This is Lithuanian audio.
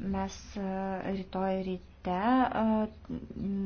Mes e, rytoj ryte e,